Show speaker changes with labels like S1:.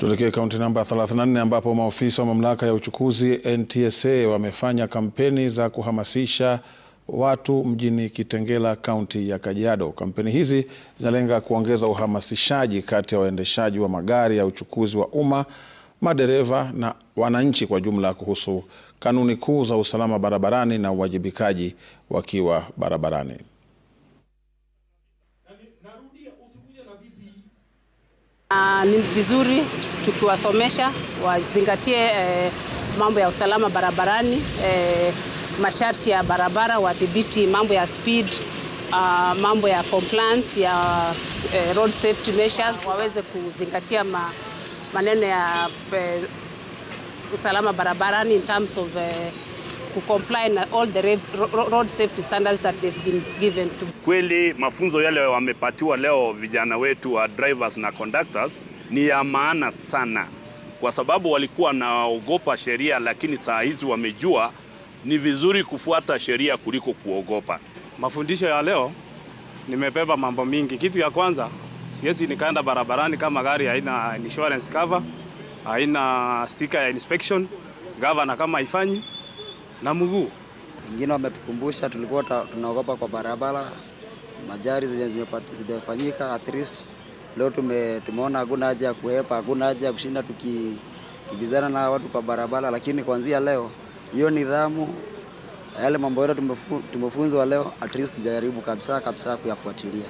S1: Tuelekee kaunti namba 34 ambapo maofisa wa mamlaka ya uchukuzi NTSA wamefanya kampeni za kuhamasisha watu mjini Kitengela, kaunti ya Kajiado. Kampeni hizi zinalenga kuongeza uhamasishaji kati ya waendeshaji wa magari ya uchukuzi wa umma, madereva na wananchi kwa jumla kuhusu kanuni kuu za usalama barabarani na uwajibikaji wakiwa barabarani.
S2: Uh, ni vizuri tukiwasomesha wazingatie eh, mambo ya usalama barabarani eh, masharti ya barabara, wadhibiti mambo ya speed uh, mambo ya compliance ya eh, road safety measures, waweze kuzingatia ma, maneno ya eh, usalama barabarani in terms of eh, ku comply na all the road safety standards that they've been given to.
S3: Kweli mafunzo yale wamepatiwa leo vijana wetu wa drivers na conductors ni ya maana sana, kwa sababu walikuwa wanaogopa sheria, lakini saa hizi wamejua ni vizuri kufuata sheria kuliko kuogopa.
S4: Mafundisho ya leo nimebeba mambo mingi. Kitu ya kwanza, siwezi nikaenda barabarani kama gari haina insurance cover, haina sticker ya inspection, governor kama haifanyi na mguu.
S5: Wengine wametukumbusha, tulikuwa tunaogopa kwa barabara, majari zenye zimefanyika at least leo tume, tumeona hakuna haja ya kuhepa, hakuna haja ya kushinda tukikibizana na watu kwa barabara, lakini kuanzia leo hiyo nidhamu, yale mambo yote tumefunzwa leo, at least jaribu kabisa kabisa kuyafuatilia.